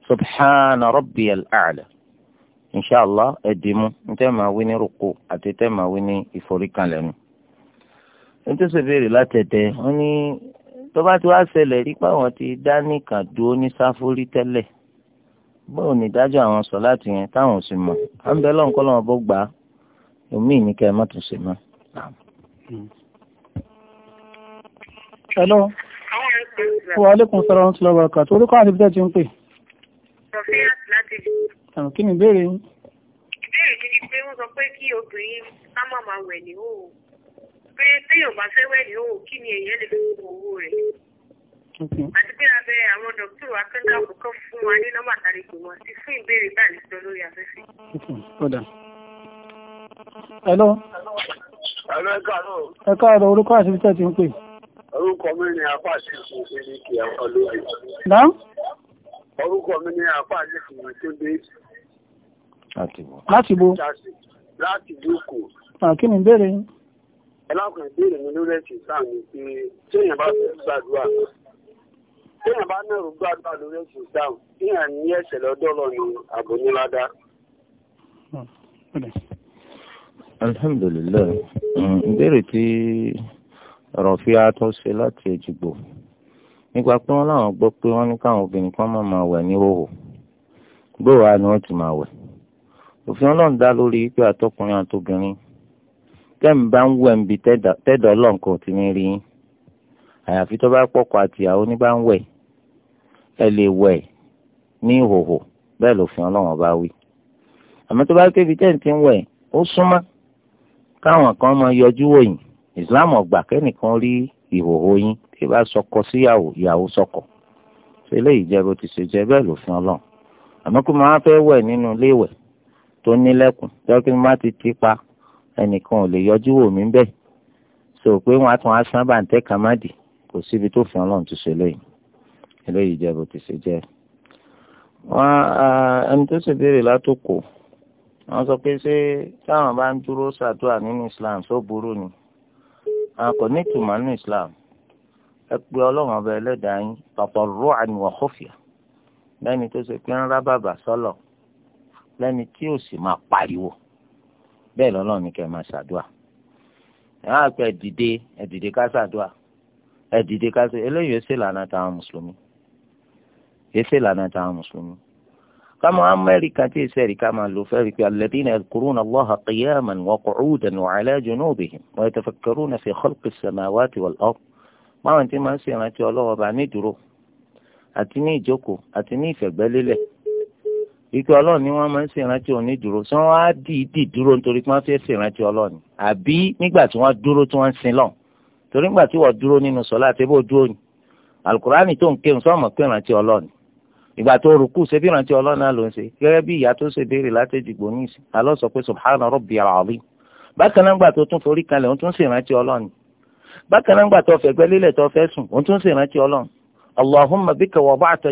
subhana rabbiyal a'la inshàlá ẹ̀dìmú ntẹ́ máa wí ní rògbò àti tẹ́ máa wí ní ìforí kanlẹ̀ nu. nítorí sèbéèrè látẹ̀tẹ̀ wọ́n ní tó bá ti wá ṣẹlẹ̀ rí pé ti dá nìkan dúró ní sáfórí tẹ́lẹ̀ bóun ní ìdájọ́ àwọn sọ láti yẹn táwọn ò sì mọ̀ à ń bẹ lọ́nkọ́ lọ́wọ́ bó gbà á omi ní kẹ́ ẹ má tún ṣe mọ́. Hello. Wa alaikum salaam wa rahmatullahi Orúkọ àti bíjẹ́ ti ń pè. kí ni ìbéèrè yín? Ìbéèrè mi ni pé wọ́n sọ pé kí obìnrin ká má wẹ̀ ní òòrùn. pé téèyàn bá fẹ́ wẹ̀yìn o kí ni èèyàn lè lo owó rẹ̀. àti pé abẹ àwọn dókítà akẹ́kọ̀ọ́ àkọ́kọ́ fún wa ní nọ́mbà tàbí wọ́n ti fún ìbéèrè báyìí sọ lórí afẹ́fẹ́. hello. hello ẹ káàárọ̀. ẹ káàárọ̀ orúkọ ti orúkọ mi ni apáṣẹ ìfún ìdí kì í ọkọ lórí. náà. orúkọ mi ni apáṣẹ ìfún ìdí láti láti láti àkínní ẹlọ́kùnrin ìbéèrè mi lórí ẹ̀sìn islam ni pé téèyàn bá fẹ́ gbàdúrà téèyàn bá náà gbàdúrà lórí ẹ̀sìn islam téèyàn ní ẹ̀ṣẹ̀ lọ́dọ̀ lọ ní àbóyúnládá. alhamdulilayi ìbéèrè tí rọ̀fíà tó ṣe láti Èjìgbò nípa pé wọ́n láwọn gbọ́ pé wọ́n ní káwọn obìnrin kan máa wẹ̀ ní hòhò gbóòwà ni wọ́n ti máa wẹ̀ òfin ọlọ́run dá lórí pé àtọkùnrin àtobìnrin tẹ́ǹbà ń wẹ̀ ń bi tẹ́dọ̀ ọlọ́nkọ̀ tí ní rí yín àyàfi tó bá pọ̀kọ̀ àtìyàwó ní bá ń wẹ̀ ẹ lè wẹ̀ ní ìhòhò bẹ́ẹ̀ lòfin ọlọ́wọ́n bá wí. àmọ́ tó bá kébi tẹ́ǹtì ń wẹ̀ ó súnmọ́ káwọn kan máa yọjú wòyìn Islam ọ̀gbà kẹ́nìkan rí ìhòhò yín tí bá sọkọ síyàwó ìyàwó sọkọ ṣe eléyìí jẹ́ bó ti ṣe jẹ́ bẹ́ẹ̀ lòfin ọlọ́run àmọ́ kó máa fẹ́ wẹ̀ nínú ilé ìwẹ̀ tó nílẹ̀kùn jẹ́ kí n má ti ti pa ẹnìkan ò lè yọjú wò mí bẹ́ẹ̀ so pé wọ́n á tún á sán bàǹtẹ́ kan má dì kò síbi tó fi ọlọ́run ti ṣe lẹ́yìn eléyìí jẹ́ bó ti ṣe jẹ́ wọ́n ẹni tó sì béèrè látòkò wọ́n sọ pé ṣé táwọn bá ń dúró ṣàdúrà nínú Islam tó burú ni kò ní ìtumọ̀ nínú Islam ẹ pé ọlọ́run ọba ẹlẹ́dàá yín pàpọ̀ rú àníwọ̀ kófìà lẹ́ni tó ṣe pé ń rá bàbà sọ́lọ̀ lẹ́ni tí ò sì máa pariwo bẹ́ẹ̀ lọ́lọ́ ní kẹ́ ẹ máa ṣàdúà ẹ̀ á pẹ́ dìde ẹ̀ dìde ká ṣàdúà ẹ̀ dìde ká ṣe eléyìí ẹsẹ̀ lànà táwọn mùsùlùmí ẹsẹ̀ lànà táwọn mùsùlùmí kama amẹ́ríkà tí ẹsẹ̀ rí máa lò fẹ́ rí pé alladhina yadhkuruna Allaha qiyaman wa qu'udan wa ala junubihim wa yatafakkaruna fi khalqi as-samawati wal ard báwọn ìpè ọlọ́ọ̀ni wọ́n máa ń ṣèrántí òní dúró tí wọ́n á dìídì dúró nítorí pé wọ́n fẹ́ ṣèrántí ọlọ́ọ̀ni àbí nígbà tí wọ́n dúró tí wọ́n ń sin lọ torí nígbà tí wọ́n dúró nínú sọ́lá àti ebó dúró ni alukurani tó ń kéwòn sọ́ọ̀mọ̀ pé ìrántí ọlọ́ọ̀ni ìgbà tó rúkú ṣe bí ìrántí ọlọ́ọ̀ni ló ń ṣe gẹ́gẹ́ bí ìyá tó ṣe béèrè látẹ̀jìgbò ní ìsìn alọ́ sọ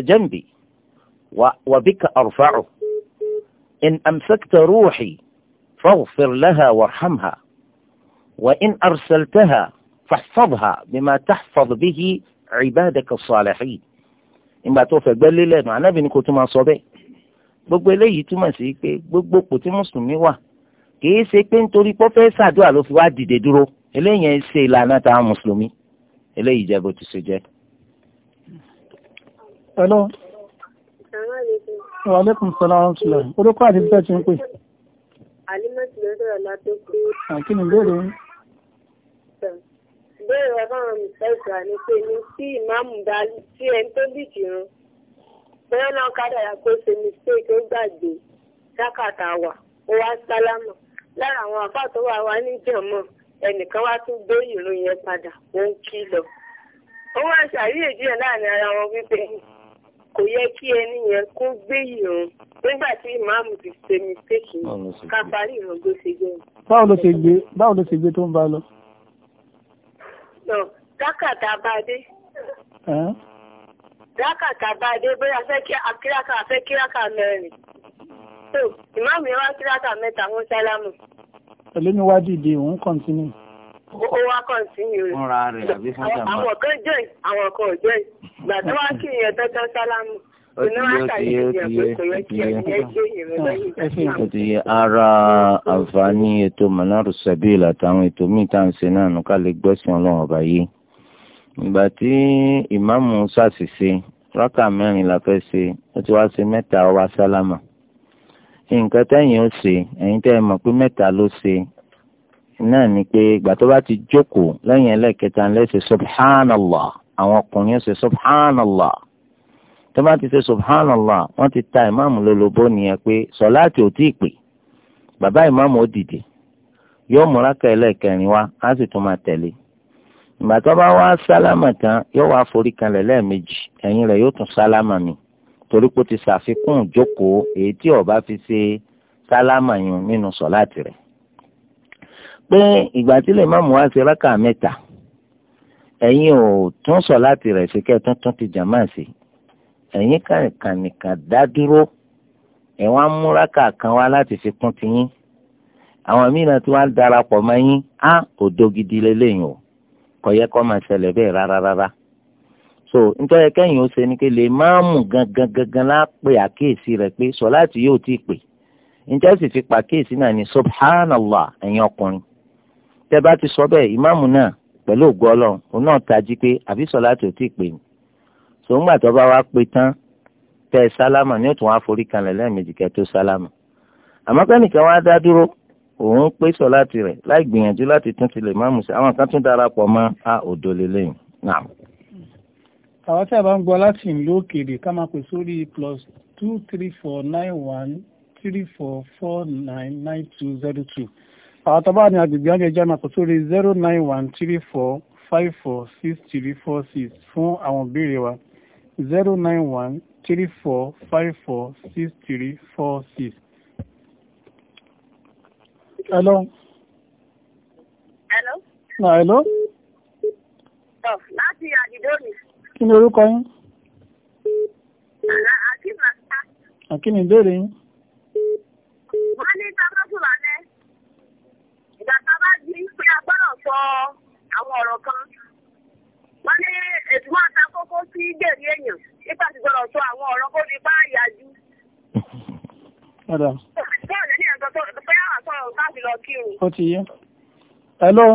pé وبك أرفعه إن أمسكت روحي فاغفر لها وارحمها وإن أرسلتها فاحفظها بما تحفظ به عبادك الصالحين ìgbà tó fẹ̀gbẹ́ lélẹ̀ nù anábì ní kò tún máa sọ bẹ́ẹ̀ gbogbo eléyìí túmọ̀ sí pé gbogbo kò tí mùsùlùmí wà kìí ṣe pé nítorí pọ́fẹ́ ṣàdúrà ló fi wá dìde dúró eléyìí ṣe ìlànà táwọn mùsùlùmí eléyìí jẹ́ bó ti ṣe jẹ́. Wa alaikum salaam ṣùlọ. Orúkọ àti bíbẹ̀ ti ń pè. Àlímọ̀ ti lọ́dọ̀ ọ̀la tó kú. Àkí ni ìbéèrè yín. Ìbéèrè ọlọ́run mi fẹ́ẹ̀sà ni pé ní tí ìmáàmù bá tí ẹni tó bì jìrún. Bẹ́ẹ̀ náà kádàrà kó ṣe mistake ó gbàgbé sákàtà wà ó wá sálámà. Lára àwọn àfáà tó wà wá ní jàmọ́ ẹnìkan wá tún gbé ìrun yẹn padà ó ń kí lọ. Ó wá ṣàríyèjì ẹ̀ láàrin ara wọn wípé kò yẹ kí ẹni yẹn kó gbé ìrun nígbà tí ìmáàmù ti ṣe mistake ká parí ìrun bó ṣe jẹ. báwo ló ṣe gbé báwo ló ṣe gbé tó ń bá lọ. dákàtà bá dé. dákàtà bá dé bóyá fẹ́ kí akíráka fẹ́ kíráka mẹ́rin. ìmáàmù yẹn wá kíráka mẹ́ta wọ́n sálámù. pẹ̀lú mi wá dìde òun kọ́ńtínú ó wá kàn sí ìrìn. fúnra rẹ̀ àbí fún jàmbá. àwọn kan jẹ́ àwọn kan ò jẹ́ ìgbà tó wá kí ìyẹn tọ́jọ́ sálámù. ó ti yé ó ti yé ó ti yé ó ti yé ara àǹfààní ètò mọ̀nàrú sẹ́bíìlì àtàwọn ètò míì tá à ń ṣe náà nù ká lè gbẹ́sìn ọlọ́run ọba yìí. ìgbà tí ìmáàmù ṣàṣìṣe rákà mẹ́rin la fẹ́ ṣe ó ti wá ṣe mẹ́ta ó sálámà nǹkan tẹ́yìn ó ṣe ẹ̀yin tẹ́ ẹ mọ̀ pé mẹ́ta ló ṣe náà ni pé ìgbà tó bá ti jókòó lẹ́yìn ẹlẹ́kẹta lẹ́sẹ̀ subhanallah àwọn ọkùnrin ṣe subhanallah tó bá ti ṣe subhanallah wọ́n ti ta ìmáàmù lólobó nìyẹn pé sọ̀láàtì ò tí ì pè bàbá ìmáàmù ó dìde yóò mú rákà ẹlẹ́kẹrin wá á sì tún máa tẹ̀lé ìgbà tó bá wá sálámà tán yóò wá forí kanlẹ̀ lẹ́ẹ̀mejì ẹ̀yìn rẹ̀ yóò tún sálámà mi torí pé ó ti ṣàfikún ìjókòó èyí tí ó fi ṣe sálámà yun nínú sọ̀láàtì rẹ̀. pé ìgbà tí lè máàmù wá sí rákà mẹ́ta ẹ̀yin ò tún sọ láti rẹ̀ sí kẹ́ ti ẹ̀yin kànìkànìkàn dá dúró ẹ̀ wá kan wá láti fi kún ti àwọn mìíràn tí wọ́n darapọ̀ mọ́ yín o kò yẹ máa ṣẹlẹ̀ bẹ́ẹ̀ rárá rárá so nítorí kẹ́yìn ó ṣe ni pé lè máàmù gangan gangan lá àkíyèsí rẹ̀ pé sọ láti yóò pè sì fi pàkíyèsí náà ni tẹ bá ti sọ bẹ́ẹ̀ ìmáàmù náà pẹ̀lú ògo Ọlọ́run òun náà tají pé àbí sọ láti ò tí ì pè mí sòǹgbà tó bá wá pé tán tẹ ẹ sálámà ní òtún wá forí kanlẹ̀ lẹ́ẹ̀mejì kẹ sálámà àmọ́ kẹ́nìkan wá dá dúró òun pé sọ láti rẹ̀ láì gbìyànjú láti tún ti lè sí àwọn kan tún darapọ̀ mọ́ a òdo lélẹ́yìn náà. àwọn tí a bá ń gbọ́ láti ìlú òkèèrè ká máa pè sórí plus two three four nine one three four four nine nine two zero two àwọn tó bá ní agbègbè á lè jẹ́ àmà kò zero nine one three four five four six three four six fún àwọn ìbéèrè wa zero nine one three four five four six three four six. hello. hello. na hello. ọ̀ oh, láti àdìdó mi. kí ni orúkọ yín. àkínní ìbéèrè yín. wọ́n ní ká Ọ̀dà. Ó ti yé. Hello.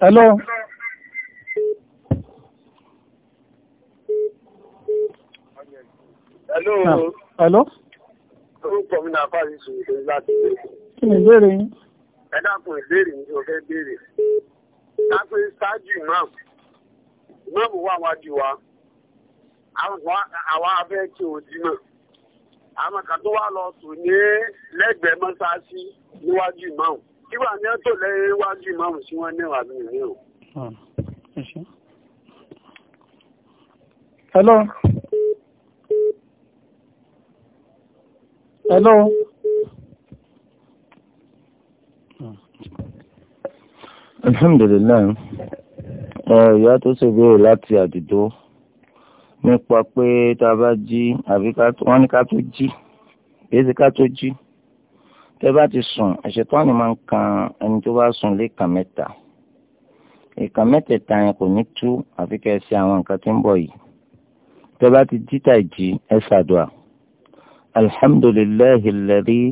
Hello. Hello. Ah, Orúkọ mi náà fàájì sùn láti bẹ̀rẹ̀. Kí ni ìbéèrè yín? Ẹ ìbéèrè mi ò fẹ́ béèrè. Dápé ṣáájú náà, náà mo wájú wa. Àwọn afẹ́ tí ò dí náà àwọn kan tó wá lọ sùn ní lẹ́gbẹ̀ẹ́ mọ́sáàsì níwájú ìmáàmù kíwà ní ọ̀tọ̀ lẹ́yìn iwájú ìmáàmù sí wọn ní ìwà bíi ìrìn o. hello. hello. alhamdulilayi ìyá tó ṣe béèrè láti àdìdó nípa pé tá a bá jí àbí wọ́n ní ká tó jí èyí ti ká tó jí tẹ́ bá ti sùn àṣetọ́ni máa ń kan ẹni tó bá sùn léèkàn mẹ́ta èèkàn mẹ́tẹ̀ẹ̀ta yẹn kò ní tú àfi kẹ́ àwọn nǹkan tí ń bọ̀ yìí tẹ́ bá ti jí tàì jí ẹ ṣàdùà alhamdulillahi alladhi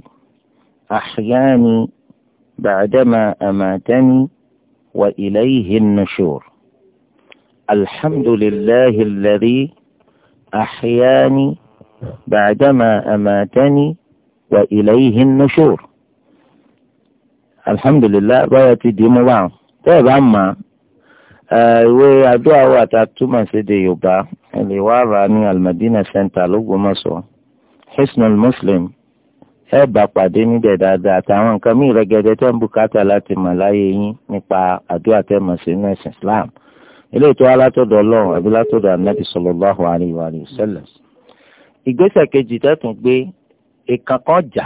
ahyani ba'dama amatani wa ilayhi nushur alhamdulillahi alladhi. أحياني بعدما أماتني وإليه النشور الحمد لله báyìí di mú báwọn tẹ́ ẹ bá mọ̀ ìwé àdúrà wa tá a túmọ̀ sí èdè Yorùbá ẹ̀lì wá rà ní Al-Madina Center lÓgbómọ̀ṣọ́ Hisnul Muslim ẹ bá pàdé níbẹ̀ dáadáa àtàwọn nǹkan mí rẹ̀gẹ̀dẹ̀ tẹ́ ń bùkátà láti mọ̀ láyé yín nípa àdúrà tẹ́ mọ̀ sí nẹ́sìn Islam eléyìí tó wá látọ̀dọ̀ ọlọ́run àbí látọ̀dọ̀ anabi sallallahu alaihi wa sallam. ìgbésẹ̀ kejì tẹ́tùn gbé ìkan kan jà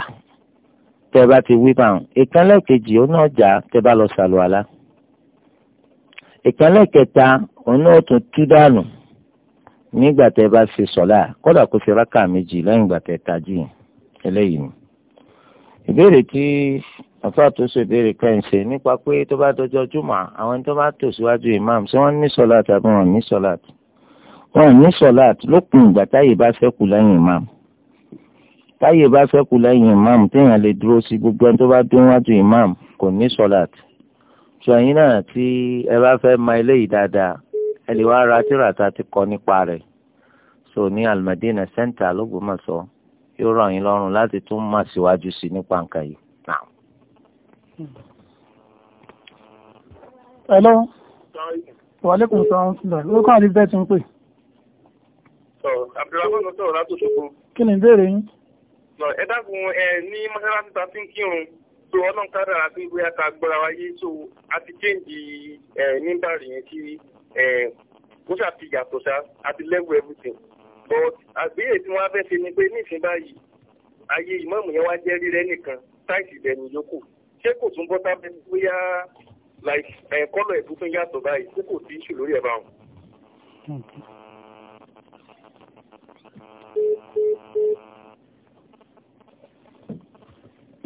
tẹ́ bá ti wí bá wọn ìkan lẹ́ẹ̀kejì ó náà jà tẹ́ bá lọ sàlùwàlá. ìkan lẹ́ẹ̀kẹta òun náà tún tú dànù nígbà tẹ́ bá ṣe sọ̀lá kódà kó fi rákà méjì lẹ́yìn ìgbà tẹ́ tají eléyìí ìbéèrè tí àfa tó ṣe ìbéèrè kan ṣe nípa pé tó bá dọjọ́ jùmọ̀ àwọn tó bá tò síwájú imam ṣé wọ́n ní sọ́láàtì àbí wọ́n ní sọ́láàtì wọ́n ní sọ́láàtì lópin ìgbà táyè bá ṣẹ́kù lẹ́yìn imam táyè bá ṣẹ́kù lẹ́yìn imam téèyàn lè dúró sí gbogbo ẹni tó bá dún wájú imam kò ní sọ́láàtì sọ yín náà tí ẹ bá fẹ́ mọ eléyìí dáadáa ẹ lè wá ra tíra ti kọ nípa rẹ̀ so ní almadina center lógbómọ̀ṣọ́ yóò ràn yín lọ́rùn láti tún mọ̀ síwájú Hello. Wàlékùn sọ́rọ̀ sílẹ̀. Ó kàn ní bẹ́ẹ̀ tí ń pè. Sọ̀rọ̀, Abdulrahman sọ̀rọ̀ látòṣogbo. Kí ni ìbéèrè yín? Sọ̀rọ̀, ẹ dákun ẹ ní mọ́ṣáláṣí ta fi ń kírun tó ọlọ́run kádàrà sí bóyá ta gbọ́ra wáyé tó a ti kéǹdì ẹ níbàrì yẹn kí ẹ ó ṣàfi yàtọ̀ ṣá àti level everything. But àgbéyè tí wọ́n á fẹ́ ṣe ni pé ní ìsìn báyìí, ayé ìmọ̀ọ̀mù yẹn wá jẹ́ ṣé kò tún bọ́tà mi bóyá kọ́lọ̀ ẹ̀bù fún yàtọ̀ báyìí ṣé kò sí ìṣù lórí ẹ̀ báwọn.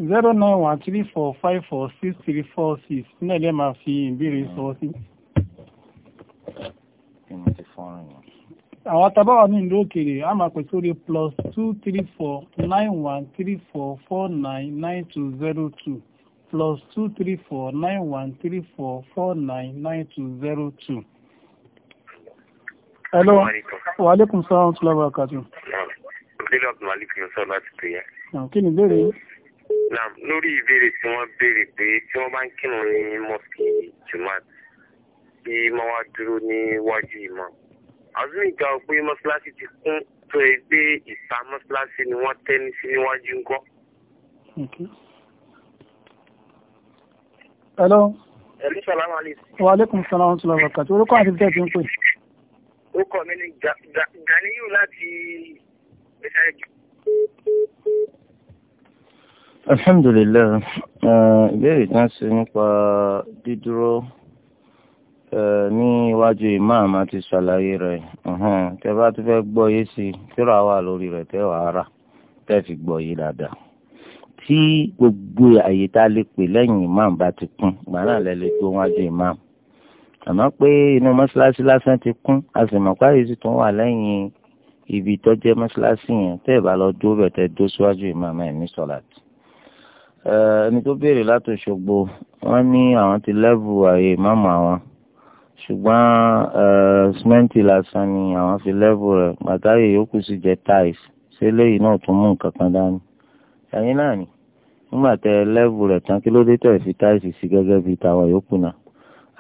zero nine one three four five four six three four six náà lè máa fi ìbéèrè sọ sí. àwọn tábàwà ní ìlú òkèèrè a máa pè sórí plus two three four nine one three four four nine nine two zero two plus two three four nine one three four four nine nine two zero two. hello wa aleykum salaam tula barakatu. ìbéèrè ọ̀gbìn aleykum sọ́ọ́ láti pè é. kí ni ìbéèrè yìí. naam lórí ìbéèrè tí wọ́n béèrè pé tí wọ́n bá ń kírun ní mọ́sìkì jumat tí wọ́n wá dúró níwájú ìmọ̀ azumi ìgbà pé mọ́sálásí ti kún tó ẹgbẹ́ ìsá mọ́sálásí ni wọ́n tẹ́ ní sí níwájú ńkọ́. Hello. Ẹ̀lú sàlámù alaykum. Wa aleykum salaam wa rahmatullahi wa barakatuh. Orúkọ àti bíjẹ́ ti ń pè. Ó kọ̀ mí ní Ganiyu láti Alhamdulillah, eh, ìbéèrè kan ṣe nípa dídúró eh, ní iwájú imam àti ṣàlàyé rẹ̀. Tẹ bá tún fẹ́ gbọ́ yé sí, tíra wà lórí rẹ̀ tẹ́ wàá rà, tẹ́ fi gbọ́ yé dáadáa tí gbogbo àyè tá a lè pè lẹ́yìn imam bá ti kún gbàrà lẹ lè tó wájú imam àmọ́ pé inú mọ́ṣáláṣí lásán ti kún a sì mọ̀ pààyè sì tún wà lẹ́yìn ibi tó jẹ́ mọ́ṣáláṣí yẹn tẹ́ ẹ̀ bá lọ dúró bẹ̀ tẹ́ dó síwájú imam ẹ̀ ní sọ̀làtì. ẹni tó béèrè láti Òṣogbo wọ́n ní àwọn ti lẹ́bù àyè imam àwọn ṣùgbọ́n simẹ́ǹtì lásán ni àwọn fi lẹ́bù rẹ̀ pàtàkì yòókù sì jẹ́ táìs ṣé léyìí náà tún mú nǹkan kan dání ẹ̀yin náà ni nígbà tẹ lẹ́bù rẹ̀ tán kí ló dé tẹ̀ fi táìsì sí gẹ́gẹ́ bí tàwa yòókù náà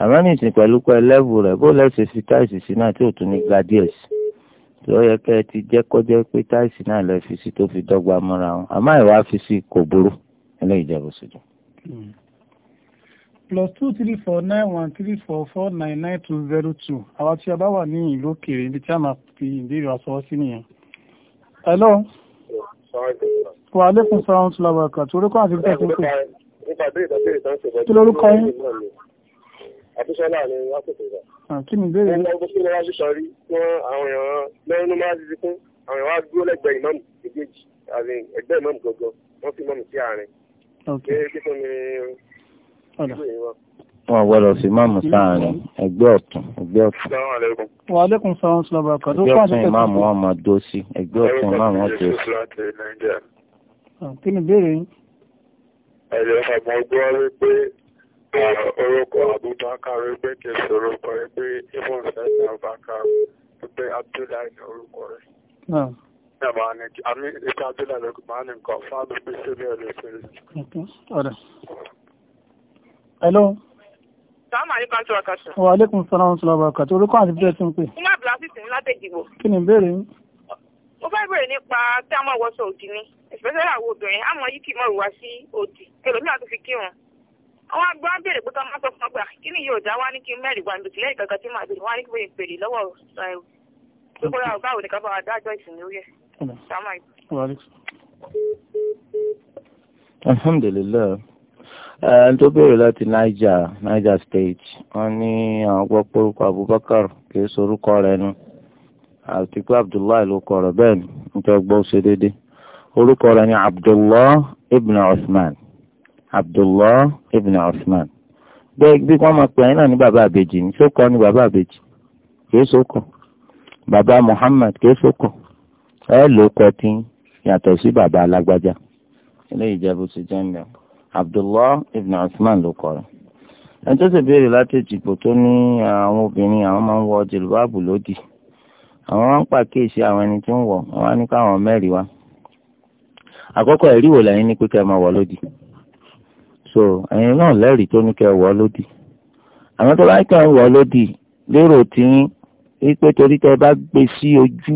àmọ́ nìsín pẹ̀lú pẹ̀ lẹ́bù rẹ̀ bó lẹ́sẹ̀ fi táìsì sí náà tí ò tún ní gba díẹ̀ sí tí ó yẹ kẹ́ ẹ ti jẹ́ kọjá pé táìsì náà lẹ́ fi sí tó fi dọ́gba mọ́ra wọn àmọ́ ìwà fi sí kò burú ẹlẹ́yìí jẹ́ bó ṣe plus two three four nine one three four four nine nine two zero two àwa tí a bá wà ní ìlú òkèèrè ibi tí a máa fi ìbéèrè àsọwọ́sí nìyẹn. hello. Wà á lékún sọ́rọ̀ ohun tí lọ bàkà tó rí kọ́ àti ìrúkà tó kù. Kí ló rúkọ yín? Àtúnṣọ́lá ni wọ́n kò tó rà. Kí ni ìbéèrè? Wọ́n lọ́wọ́ fún ìwájú sọrí fún àwọn èèyàn lẹ́yìn máa ti fún àwọn èèyàn wá dúró lẹ́gbẹ̀ẹ́ ìmọ̀mù méjèèjì àti ẹgbẹ́ ìmọ̀mù gọ̀gọ̀ wọ́n fi mọ̀mù sí àárín. Ṣé kí fún mi wọn gbọ́dọ̀ sí máàmù sáàrin ẹgbẹ́ ọ̀tún ẹgbẹ́ ọ̀tún. wà á lẹ́kùn sáwọn tí lọ́ba kan tó fún àṣẹ tẹ̀sí. ẹgbẹ́ ọ̀tún ìmáàmù wọn máa dó sí ẹgbẹ́ ọ̀tún ìmáàmù wọn tẹ̀ sí. Ah, kí ni ìbéèrè yín. ẹ̀yọ́ ọmọ gbọ́ wípé ah, orúkọ Abubakar wípé kì í sorúkọ wípé ifon sẹ́yìn Abubakar wípé Abdullahi ni orúkọ rẹ̀. Ah. àmì ìka Abdullahi ló máa ń nǹkan fáwọn gbèsè ní ọ̀dọ̀ Sàmà ní kan sọ̀rọ̀ kan sùn. Wà alaikum salaam sọ̀rọ̀ bàkà tó orúkọ àti bíjẹ́ ti ń pè. Kúmà Blasisi ní láti ìdìbò. Kí ni ìbéèrè yín? Mo fẹ́ bèrè nípa tí a máa wọṣọ òdì ni, especially àwọn obìnrin, a máa yí kì í mọ̀ wá sí òdì, ẹlòmíràn tó fi kírun. Àwọn agbọ́n á bèrè pé ká máa sọ fún ọgbà, ah, kí ni yóò dá wá ní kí n mẹ́rin gbàǹdù sílẹ̀ ìkankan tí màá bèrè wá ní kí n bèrè lọ́wọ́ gbogbo àwọn báwo ni ká bá wa dájọ́ ìsìn lórí ẹ̀. Sàmà. Alhamdulillah. Eh, ẹn tó e láti niger niger state wọn ní àwọn gbọ́ pórúkọ abubakar kì í sorúkọ rẹ̀ nu abdullahi ló kọ rẹ̀ bẹ́ẹ̀ ni nítorí gbọ́ ṣe orúkọ rẹ̀ abdullah ibn osman abdullah ibn osman bẹ́ẹ̀ bí wọ́n máa pè é náà ní bàbá àbèjì ní sókọ ní baba kì í muhammad kì í ló tí yàtọ̀ sí alágbájá ilé abdullah ibn usman ló kọ rẹ̀ ẹni tó sì béèrè láti ìdìbò tó ní àwọn obìnrin àwọn máa ń wọ jìlúbáàbù lódì àwọn máa ń pàkíyèsí àwọn ẹni tó ń wọ àwọn á ní káwọn mẹ́rin wá àkọ́kọ́ ẹ̀rí wò lẹ́yìn ní pé máa wọ lódì so ẹ̀yin náà lẹ́rìí tó ní kẹ́ ẹ wọ lódì àwọn tó bá ń kẹ́ ẹ wọ lódì lérò tí ń pé torí tẹ́ bá gbé sí ojú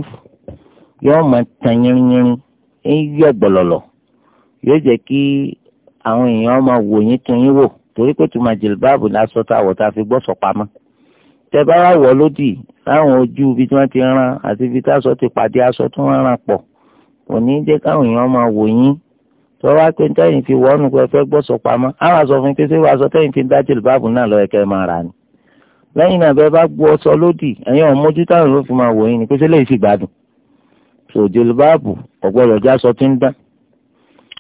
yóò máa tan yínrín yínrín yẹ gbọlọlọ yóò jẹ́ kí àwọn èèyàn máa wò yín tún yín wò torí pé tuma jìlbáàbù lásọ tá àwọ̀ tá a fi gbọ́sọ̀ pamọ́ tẹ bá wà wọ́ lódì láwọn ojú ibi tí wọ́n ti ran àti ibi tá aṣọ ti pàdé aṣọ tí wọ́n ran pọ̀ kò ní jẹ́ káwọn èèyàn máa wò yín tọ́wọ́ pé tẹ́yìn fi wọ́nù pé fẹ́ gbọ́sọ̀ pamọ́ àwọn aṣọ fún pé sẹ́wọ́n aṣọ tẹ́yìn fi dá jìlbáàbù náà lọ́ọ́ ẹ̀kẹ́ máa rà ni lẹ́yìn náà bẹ́ẹ̀ bá gbọ́ ọsọ lódì ẹ̀yin ọ̀hún mójú táwọn ló fi máa wò yín ni pé sẹ́lẹ̀ ìsìgbádùn tòjìlbáàbù ọ̀gbọ́dọ̀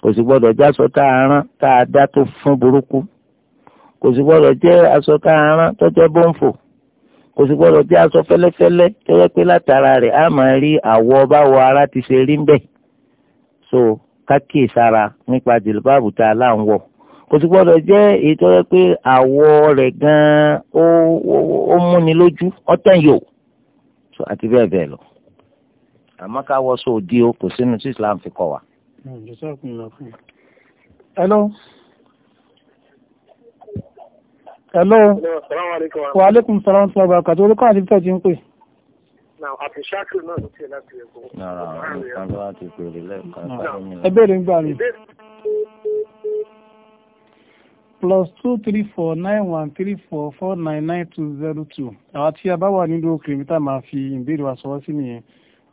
kò sì gbọ́dọ̀ jẹ́ aṣọ tá a rán tá a dá tó fún burúkú kò sì gbọ́dọ̀ jẹ́ aṣọ tá a rán tó jẹ́ bọ́ǹfò kò sì gbọ́dọ̀ jẹ́ aṣọ fẹ́lẹ́fẹ́lẹ́ tó yẹ pé látara rẹ̀ á máa rí àwọ̀ báwo ara ti ṣe rí ń bẹ̀ so kákìí sára nípa jìlbáàbù tá a láǹ wọ̀ kò sì gbọ́dọ̀ jẹ́ èyí tó yẹ pé àwọ̀ rẹ̀ gan-an ó múni lójú ọ̀tẹ̀ yòó àti bẹ́ẹ̀ bẹ́ẹ̀ lọ àmọ́ ká sóò di o kò sínú hello. hello. wa aleykum salaam tí wọ́n bá kàtó olùkọ́ àti bíkọ́ ti ń pè. ẹ bẹ̀rẹ̀ ń gbà mí plus two three four nine one three four four nine nine two zero two àwọn tí a bá wà nínú kìrìmítà máa fi ìbéèrè wa sọ́wọ́ sí nìyẹn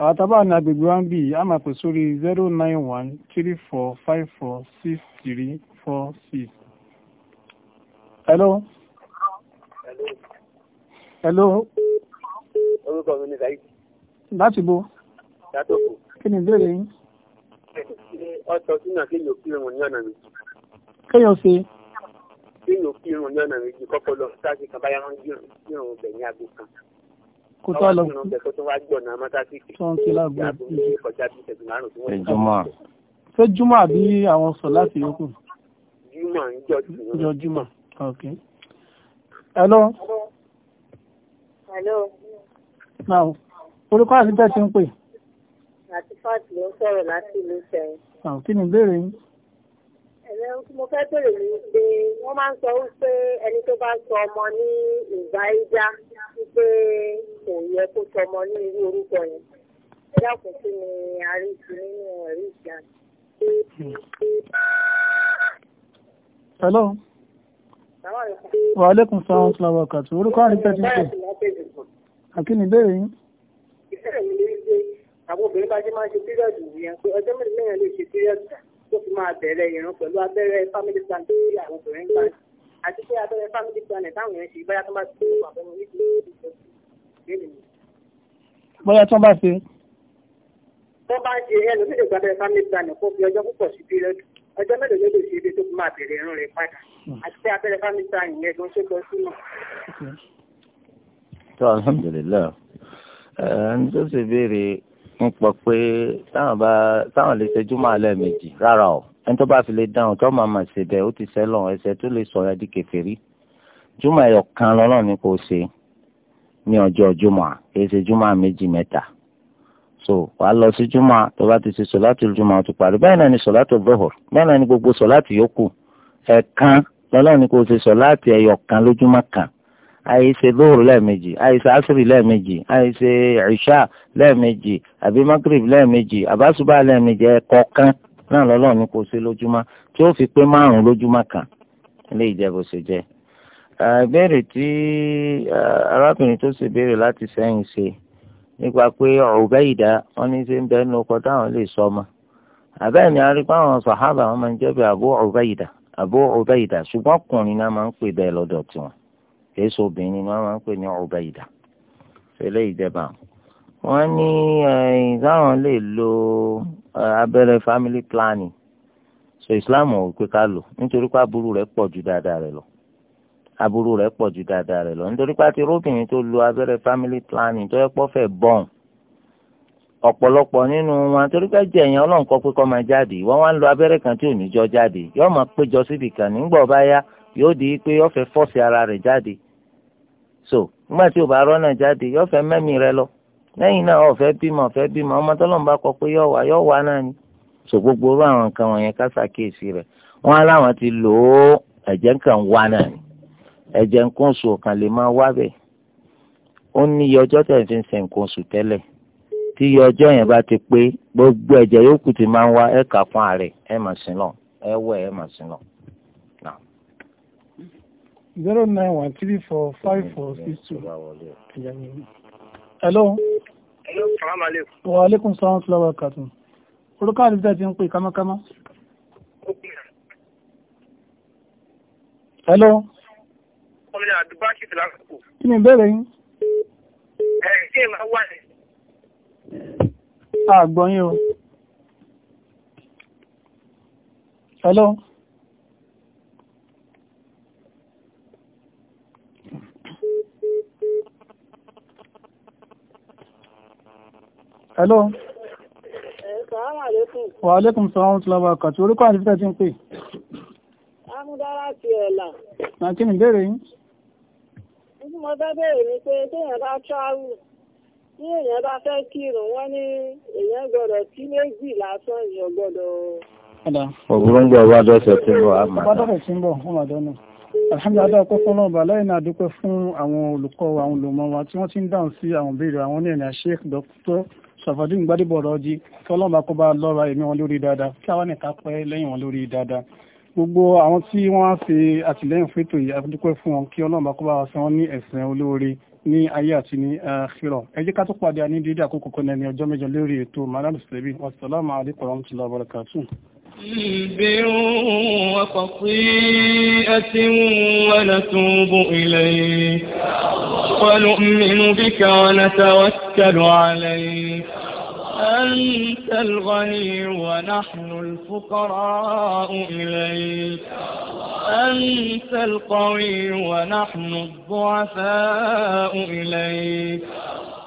àwọn tábà ní agbègbè wa ń bì á máa sórí zero nine one three four five four six three four six. hello. hello. orúkọ mi ni saheed. láti bo. látòkò. kí ni ìbéèrè yín. ọ̀sọ̀ sínú àkéyìn òkú ìrùn ní ọ̀nà mi. kéèyàn ṣe kéèyàn kí irun ní ọ̀nà méjì kọ́kọ́ lọ sáájú kan báyà máa ń ọbẹ̀ ní aago kan kó tó lọ ṣé júmọ̀ àbí àwọn sọ láti yókù jọ júmọ̀ ok hello hello now orúkọ àti bẹ́ẹ̀ ti ń pè àti fáàtì ló ń sọ̀rọ̀ láti ìlú sẹ́yìn kí ni ìbéèrè yín ẹ̀rẹ́ mo fẹ́ bèrè ní pé wọ́n máa ń sọ wípé ẹni tó bá sọ ọmọ ní ìgbà ìjà wípé kò yẹ kó sọ ọmọ ní irú orúkọ yẹn dákun kí ni àríṣi nínú ẹ̀rí ìjà. hello. wa aleykum salaam salaam wa kàtó orúkọ àríkẹ́ ti sọ. àkínní ìbéèrè yín. ìbéèrè mi ni wípé àwọn obìnrin bá ṣe máa ń ṣe pírọ̀dù yẹn pé ọjọ́ mẹ́rin mẹ́rin lè ṣe pírọ̀dù dà tó fi máa bẹ̀rẹ̀ ìran pẹ̀lú abẹ́rẹ́ family plan tó yẹ àwọn obìnrin gbà àti pé abẹ́rẹ́ family plan ẹ̀ táwọn èèyàn ṣe bóyá tó bá ti tó àbẹ̀wò nítorí bóyá tó bá ṣe. tó bá ṣe ẹlòmíì gbàbẹ́rẹ́ family plan kó fi ọjọ́ púpọ̀ sí pírẹ́dù ọjọ́ mélòó ló lè ṣe ibi tó fi máa bẹ̀rẹ̀ irun rẹ̀ padà hmm. àti pé abẹ́rẹ́ family plan yẹn gan ṣe lọ sínú. tó alhamdulilayi ẹ̀ ń tó ṣe béèrè ń pọ̀ pé táwọn bá táwọn lè ṣe júmọ̀ lẹ́ẹ̀mejì rárá o ẹni tó bá fi lè dáhùn tó máa mà ṣe bẹ́ẹ̀ ó ti sẹ́lọ̀ ẹsẹ̀ tó lè sọ̀rọ̀ di kèfèrí júmọ̀ ẹ̀yọ̀ kan lọ́nà ni kò ṣe ní ọjọ́ júmọ̀ kì í méjì mẹ́ta so wàá lọ sí júmọ̀ tó bá ti ṣe sọ̀láàtì júmọ̀ ó ti parí bẹ́ẹ̀ náà ni sọ̀láàtì bọ́hùr bẹ́ẹ̀ náà ni gbogbo sọ̀láàtì yòókù ẹ̀ẹ̀kan lọ́nà ni kò ṣe sọ̀láàtì ẹ̀yọ̀ kan lójúmọ́ kan àìṣe lóòrù lẹ́ẹ̀mejì àìṣe asiri lẹ́ẹ̀mejì àìṣe ìṣá lẹ́ẹ̀mejì àbí magrib lẹ́ẹ̀mejì àbásùbà lẹ́ẹ̀mejì ẹ̀kọ̀ọ̀kan náà lọ́lọ́ ní kò lójúmọ́ tí ó fi pé márùn-ún lójúmọ́ kan ilé ìjẹ́bù ṣe jẹ́. ìbéèrè tí arábìnrin tó ṣe béèrè láti sẹ́yìn ṣe nípa pé wọn ní ṣe ń bẹ ọkọ táwọn sọ ọmọ àbẹ́ẹ̀ ni sàhábà wọn máa ń jẹ́ bí ṣùgbọ́n ọkùnrin náà máa ń kìí ṣe obìnrin ni wọ́n máa ń pè ní Ubaida fẹlẹ́ ìjẹba wọ́n ní ìdáhùn lè lo abẹ́rẹ́ family planning so Islam ò pé ká lò nítorí pé aburú rẹ̀ pọ̀ ju dáadáa rẹ̀ lọ aburú rẹ̀ pọ̀ ju dáadáa rẹ̀ lọ nítorí pé àti róbìnrin tó lo abẹ́rẹ́ family planning tó yẹ pọ́ fẹ́ bọ́ọ̀n ọ̀pọ̀lọpọ̀ nínú wọn torí pé jẹ́ ẹ̀yàn pé kọ́ máa jáde wọ́n wá ń lo abẹ́rẹ́ kan tí ò ní jọ jáde yóò máa péjọ síbì nígbà ọba yá yóò di pé ó fọ́ọ̀sì ara rẹ̀ jáde so nígbà tí o bá rọ́nà jáde yóò fẹ́ mẹ́mí rẹ lọ lẹ́yìn náà ó fẹ́ bímọ ó fẹ́ bímọ ọmọ tọ́lọ́mù bá kọ pé yóò wá yóò wá náà ni so gbogbo orú àwọn nǹkan wọ̀nyẹn ká ṣàkíyèsí rẹ̀ wọ́n á láwọn ti lò ó ẹ̀jẹ̀ nǹkan wá náà ni ẹ̀jẹ̀ nǹkan oṣù kan lè máa wá bẹ́ẹ̀ ó ní iye ọjọ́ tẹ̀ fi ń ṣe nǹkan oṣù tẹ́lẹ̀ tí iye ọjọ́ yẹn bá ti pé gbogbo ẹ̀jẹ̀ yòókù ti máa ń wá ẹ̀ka fún ààrẹ ẹ̀ mà sí lọ ẹ̀ wẹ̀ ẹ̀ mà sí lọ zero nine one three four five four six two. hello. hello salaam aleykum. wa aleykum salaam wa rahmatulah. orúkọ àdìsá ti ń pè kámákámá. hello. ọmọdé àdúgbò àṣìṣe lásìkò. kí ni ìbéèrè yín. ẹ ṣé máa wà ní. àgbọ̀nyìn o. hello. hello wà alékùn sọ́wọ́n tí lọ́wọ́ kàtí orúkọ àdífẹ́ tí ń pè ámúdára ti ẹ̀là na kí ni ìbéèrè yín ní mo fẹ́ bèèrè ni pé téèyàn bá ṣáàrù tí èèyàn bá fẹ́ kírun wọ́n ní èèyàn gbọ́dọ̀ tí méjì lásán èèyàn gbọ́dọ̀ òbúrú ń gbọ́ ọba dọ́sẹ̀ tí ń bọ̀ àmà dọ́sẹ̀ tí ń bọ̀ ọmọ àdánù alhamdulilayi ọkọ fún ọlọ́ọ̀bà lẹ́yìn náà dúpẹ́ fún àwọn olùkọ́ àwọn olùmọ̀ wa tí wọ́n ti ń dáhùn sí àwọn ìbéèrè àwọn ní ẹ̀nà sheikh dr sàfàdín gbadébọ̀ ọ̀rọ̀ jí kí ọlọ́run bá kó bá lọ́ra ẹ̀mí wọn lórí dáadáa kí àwa nìkan pẹ́ lẹ́yìn wọn lórí dáadáa gbogbo àwọn tí wọ́n á ṣe àtìlẹ́yìn fẹ́tò yìí adúpẹ́ fún wọn kí ọlọ́run bá kó bá wa san wọ́n ní ẹ̀sìn olóore ní ayé àti ní àkírà ẹ jẹ́ ká tó pàdé ní dídí àkókò kan ní ọjọ́ mẹ́jọ lórí ètò màdàlùsẹ̀bí wasalaamu wa ذنب وخطيئة ونتوب إليك ونؤمن بك ونتوكل عليك أنت الغني ونحن الفقراء إليك أنت القوي ونحن الضعفاء إليك